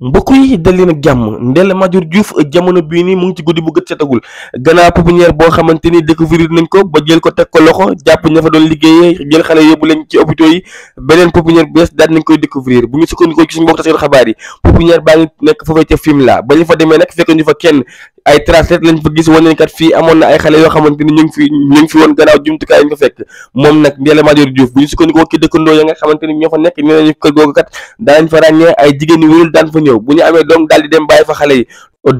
mbokk yi dal leen ak jàmm Ndella Madior Diouf jamono bii nii mu ngi ci guddi bu gët setagul gannaaw pouponnière boo xamante ni découvrir nañ ko ba jël ko teg ko loxo jàpp ña fa doon nekk fekk ñu fa kenn ay traces lañ fa gis wane kat fii amoon na ay xale yoo xamante ni ñu ngi fi ko fekk moom nag Ndella Madior Diouf bu ñu sukkandikoo ci dëkkandoo ya nga xamante ni ñoo fa nekk nee nañu kër googu kat fa ràññee ay jigéen wérul daan fa yow bu ñu amee doom daal di dem bàyyi fa xale yi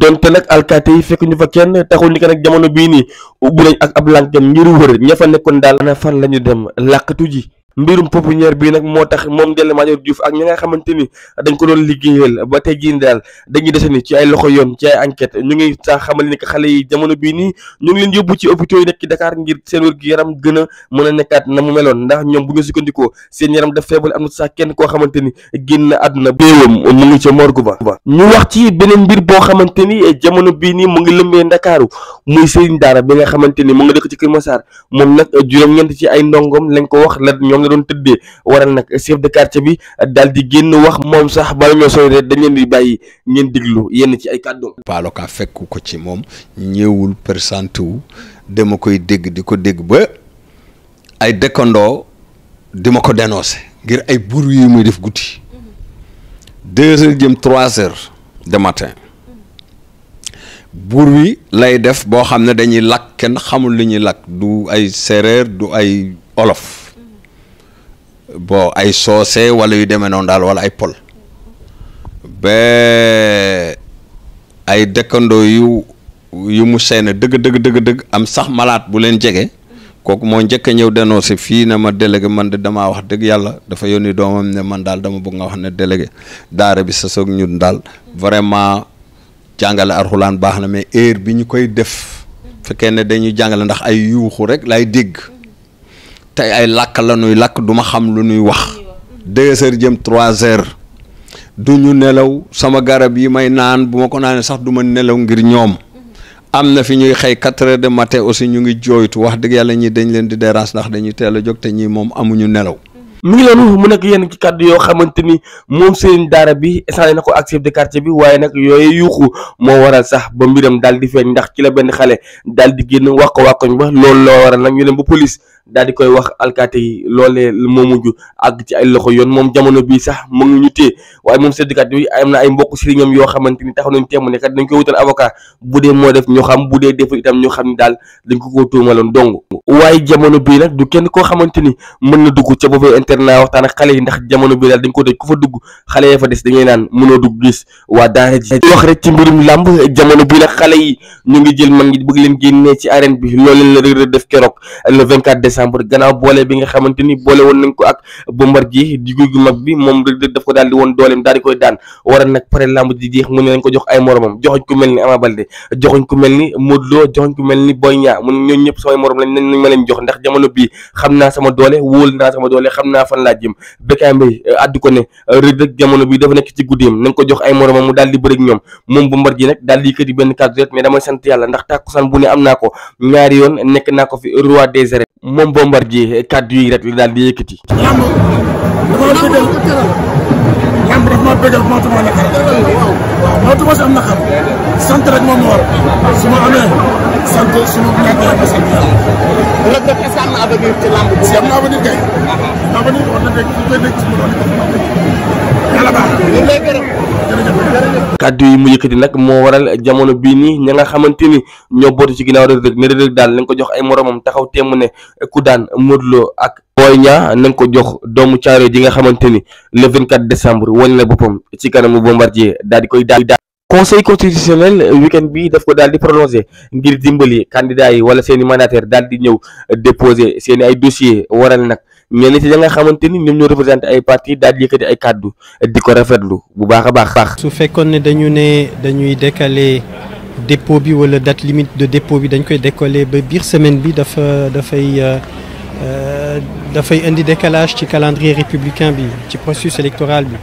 donte nag alkaati yi fekk ñu fa kenn taxul ni que nag jamono bii nii bu nañ ak ab lànket ngir wër ña fa nekkoon daal ana fan la ñu dem làkkatu ji mbirum pépinière bi nag moo tax moom Ndella Madior Diouf ak ñi nga xamante ni dañ ko doon liggéeyal ba tey jii daal dañuy dese ni ci ay loxo yoon ci ay enquête ñu ngi sax xamal ni que xale yi jamono bii nii ñu ngi leen yóbbu ci hôpitaux yi nekk ci ngir seen wér-gu-yaram gën a mën a nekkaat na mu meloon ndax ñoom bu ñu sukkandikoo seen yaram daf feebal am na sax koo xamante ni génn àdduna béewam mu ngi ca morgue ba ñu wax ci beneen mbir boo xamante ni jamono bii nii mu ngi lëmbee Ndakaaru muy sëriñ daara bi nga xamante ni mu nga dëkk ci Kër Massar moom nag juróom-ñeent ci ay ndongom lañ ko wax la ñoom la doon tëddee waral nag chef de quartier bi daal di génn wax moom sax bala ñoo sori rek dañ leen di bàyyi ngeen diglu yenn ci ay kàddoom. paaloka fekku ko ci moom ñëwul percent wu dama koy dégg di ko dégg ba ay dëkkandoo di ma ko dénoncé ngir ay bruit yu muy def guddi deux heures jëm trois heures de matin wi lay def boo xam ne dañuy lakk kenn xamul li ñuy lakk du ay séeréer du ay olof bon ay soose wala yu demee noonu daal wala ay pol ba ay dëkkandoo yu yu mu seen dëgg dëgg dëgg dëgg am sax malaat bu leen jege kooku moo njëkk a ñëw dénoncé fii na ma délégué man de damaa wax dëgg yàlla dafa yónni doomam ne man daal dama bëgg nga wax ne délégué daara bi sa soog ñun daal vraiment jàngale arxulaan baax na mais heure bi ñu koy def fekkee ne dañuy jàngale ndax ay yuuxu rek lay dégg tey ay làkk la nuy làkk du ma xam lu nuy wax deux heures jëm trois heures du ñu nelaw sama garab yi may naan bu ma ko naanee sax du ma nelaw ngir ñoom am na fi ñuy xëy quatre heures de matin aussi ñu ngi jooytu wax dëgg yàlla ñi dañ leen di dérange ndax dañuy teel a jóg te ñi moom amuñu nelaw. mi ngi leen mu nekk yenn ci kàddu yoo xamante ni moom seen daara bi échangé na ko ak chef de quartier bi waaye nag yooyu yuuxu moo waral sax ba mbiram daal di feeñ ndax ci benn xale daal di génn wax ko wax ko loo waral nag ñu dem ba police. daal di koy wax alkaati yi loolee moo mujj àgg ci ay loxo yoon moom jamono bii sax mu ngi ñu téye waaye moom séddukat bi am na ay mbokk sëriñam yoo xamante ni taxaw nañ teemu ne kat dañ koy wutal avocat bu dee moo def ñu xam bu dee def itam a xam ni daal dañ ko koo tuumaloon dong waaye jamono bii nag du kenn koo xamante ni mën na dugg ca boobu internat waxtaan ak xale yi ndax jamono bi daal dañ ko tëj ku fa dugg xale ya fa des dañuy naan mënoo dugg gis waa daara ji wax rek ci mbirum jamono bii nag xale yi ñu ngi jël mag ñi bëgg leen génnee ci arène bi loolu leen la Reug Reug def keroog décembre gannaaw boole bi nga xamante ni boole woon nañ ko ak Bombardier ji diggu gu mag bi moom Reug Reug daf ko daal di woon dooleem daal di koy daan waral nag pare lamb di jeex mu ne nañ ko jox ay moromam mu ne ñooñu ko ñaari yoon nekk naa ko fi roi des arènes moom Bombardier eh, kàddu yi rek la daal di yëkkati. làmb dama la bëggal làmb daf ma bëggal mootuma naqar mootuma si am naqar sant rek moom moo war su ma amee. sant suñu gàncax mu doon yi mu nag moo waral jamono bii nii ña nga xamante ni ñoo bootu ci ginnaaw Reug Reug ne Reug Reug daal lañ ko jox ay moroomam taxaw temm ne ku daan Modou ak. Boy Niang nañ ko jox doomu caaro ji nga xamante ni le 24 décembre wane na boppam ci kanamu Bombardier daal di koy daal conseil constitutionnel euh, weekend bi daf ko daal di prolongé ngir dimbali candidat yi wala seen i mandataire daal di ñëw euh, déposé seen i ay dossier waral nag ñenn ci da nga xamante ni ñoom ñoo représenté ay parti daal di yëkkati ay kàddu euh, di ko rafetlu bu baax a baax baax su fekkoon ne dañu ne dañuy décaler dépôt bi wala date limite de dépôt bi dañ koy décaler ba biir semaine bi dafa dafay dafay indi décalage ci calendrier républicain bi ci processus électoral bi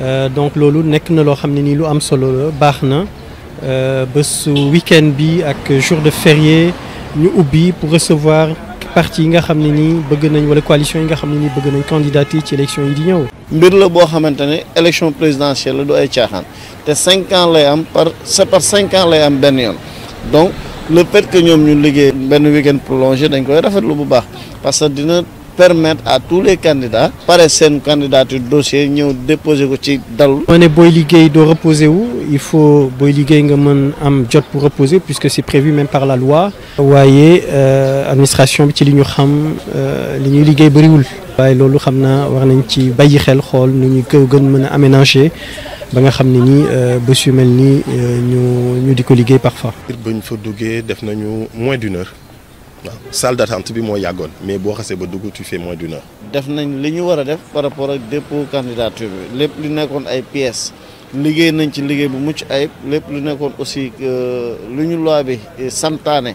Euh, donc loolu nekk na loo xam ne nii lu am solo la baax na euh, bésu week-end bi ak jour de férié ñu ubbi pour recevoir parti yi nga xam ne nii bëgg nañ wala coalition yi nga xam ne nii bëgg nañ candidat yi ci élection yi di ñëw. mbir la boo xamante ne élection présidentielle la du ay caaxaan te cinq ans lay am par c'est par cinq ans lay am benn yoon donc le fait que ñoom ñu liggéey benn week-end prolongé dañ koy rafetlu bu baax parce que dina. permettre à tous les candidats pare seen candidature dossier ñëw déposer ko ci dalul. ma ne booy liggéey doo reposer wu il faut booy liggéey nga mën am jot pour reposer puisque c'est prévu même par la loi. waaye euh, administration bi ci li ñu xam euh, li ñuy liggéey bëriwul. waaye loolu xam na wax nañ ci bàyyi xel xool nu ñu ko gën mën a aménager ba nga xam ne nii euh, bés yu mel nii ñu ñu di ko liggéey parfois. bu ñu foo duggee def nañu moins d'une heure. waaw salle d'attente bi moo yàggoon mais boo xasee ba dugg tu fais moins d'une def nañ li ñu war a def par rapport ak dépôt candidature bi lépp lu nekkoon ay pièces liggéey nañ ci liggéey bu mucc ay lépp lu nekkoon aussi lu ñu loi bi santaane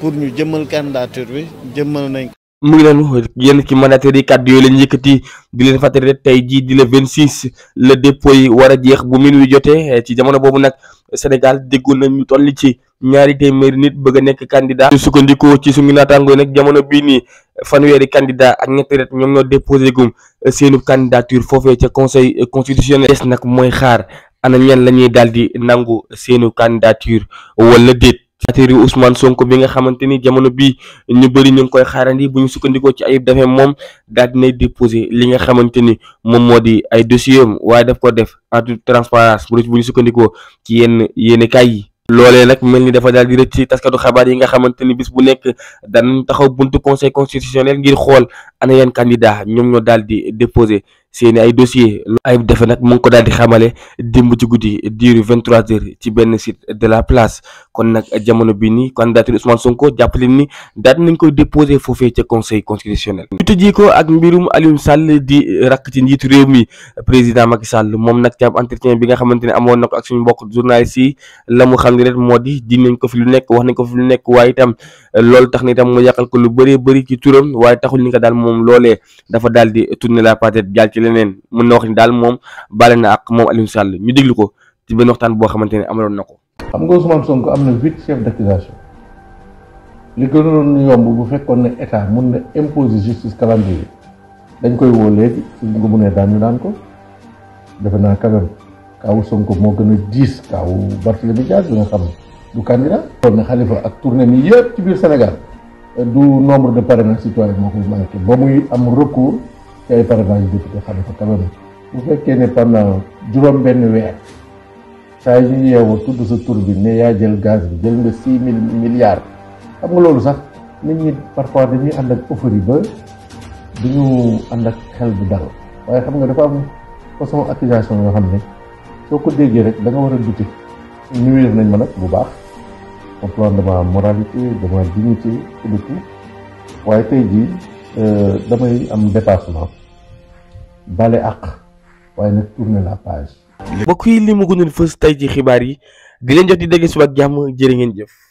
pour ñu jëmmal candidature bi jëmmal nañ. mu ngi noonu yenn ci mandataires yi kàddu yooyu lañ yëkkati di leen fàttali rek tey jii di le 26 le dépôt yi war a jeex bu wi jotee ci jamono boobu nag Sénégal déggu nañ ñu toll ci. ñaari téeméeri nit bëgg a nekk candidat ñu sukkandikoo ci suñu naataangoo nag jamono bii nii fanweeri candidat ak ñetti ret ñoom ñoo déposé gum euh, seenu candidature foofee ca conseil euh, constitutionnel des nag mooy xaar ana ñan la ñuy daal di nangu seenu candidature wala déet candidature yu Ousmane Sonko bi nga xamante ni jamono bii ñu bëri ñu ngi koy xaarandi bu ñu sukkandikoo ci ayib dafee moom daal dinay déposé li nga xamante ni moom moo di ay dossier am waaye daf ko def en toute transparence bu ñu sukkandikoo ci yenn yéene kaay loole nag mel ni dafa daal di rëcc ci taskatu xabaar yi nga xamante ni bis bu nekk danañ taxaw buntu conseil constitutionnel ngir xool ana yan candidat ñoom ñoo daal di déposé seeni ay dossier ay defe nag mu ko daal di xamale démb ci guddi diiru 23 heures ci benn site de la place kon nag jamono bi nii candidature Ousmane Sonko jàppale ni daal nañ koy déposé foofee ca conseil constitutionnel. ñu tëjee ko ak mbirum Aliou Sall di rakk ci njiitu réew mi président Macky Sall moom nag ci ab entretien bi nga xamante ne amoon na ko ak suñu mbokk journaliste la mu xam ne rek moo di dinañ ko fi lu nekk wax nañ ko fi lu nekk waaye itam loolu tax na itam mu lu bëree bëri ci turam waaye taxul ni ko daal leneen mën na wax ni daal moom bale na ak moom Aliou Sall ñu déglu ko ci benn boo xamante ne amaloon na ko. xam nga Ousmane Sonko am na huit chefs d'accusation li gënoon yomb bu fekkoon ne état mun na imposer justice calendrier dañ koy woo léegi suñ ko mënee daan ñu daan ko defe naa quand même kaawu Sonko moo gën a diis kaawu Barthélémy Dias bi nga xam ne du candidat. ak tournée mi yëpp biir Sénégal du de parrainages citoyens moo ba muy am recours. ci ay parrainage député xam nga quand même bu fekkee juróom benn weer saa yu ñu yeewoo tudd sa tur bi ne yaa jël gaz bi jël nga six mille milliards xam nga loolu sax nit ñi parfois dañuy ànd ak euphorie ba duñu ànd ak xel bu dal waaye xam nga dafa am façon accusation yoo xam ne soo ko déggee rek da war a dute nuyu nañ ma nag bu baax au plan de ma moralité de dignité et de waaye tey jii Euh, damay am dépassement bale àq waaye nag tourner la page. mbokk yi li mu gënoon fës tey ci xibaar yi di leen jox di dégg suba ak jàmm jërë ngeen jëf.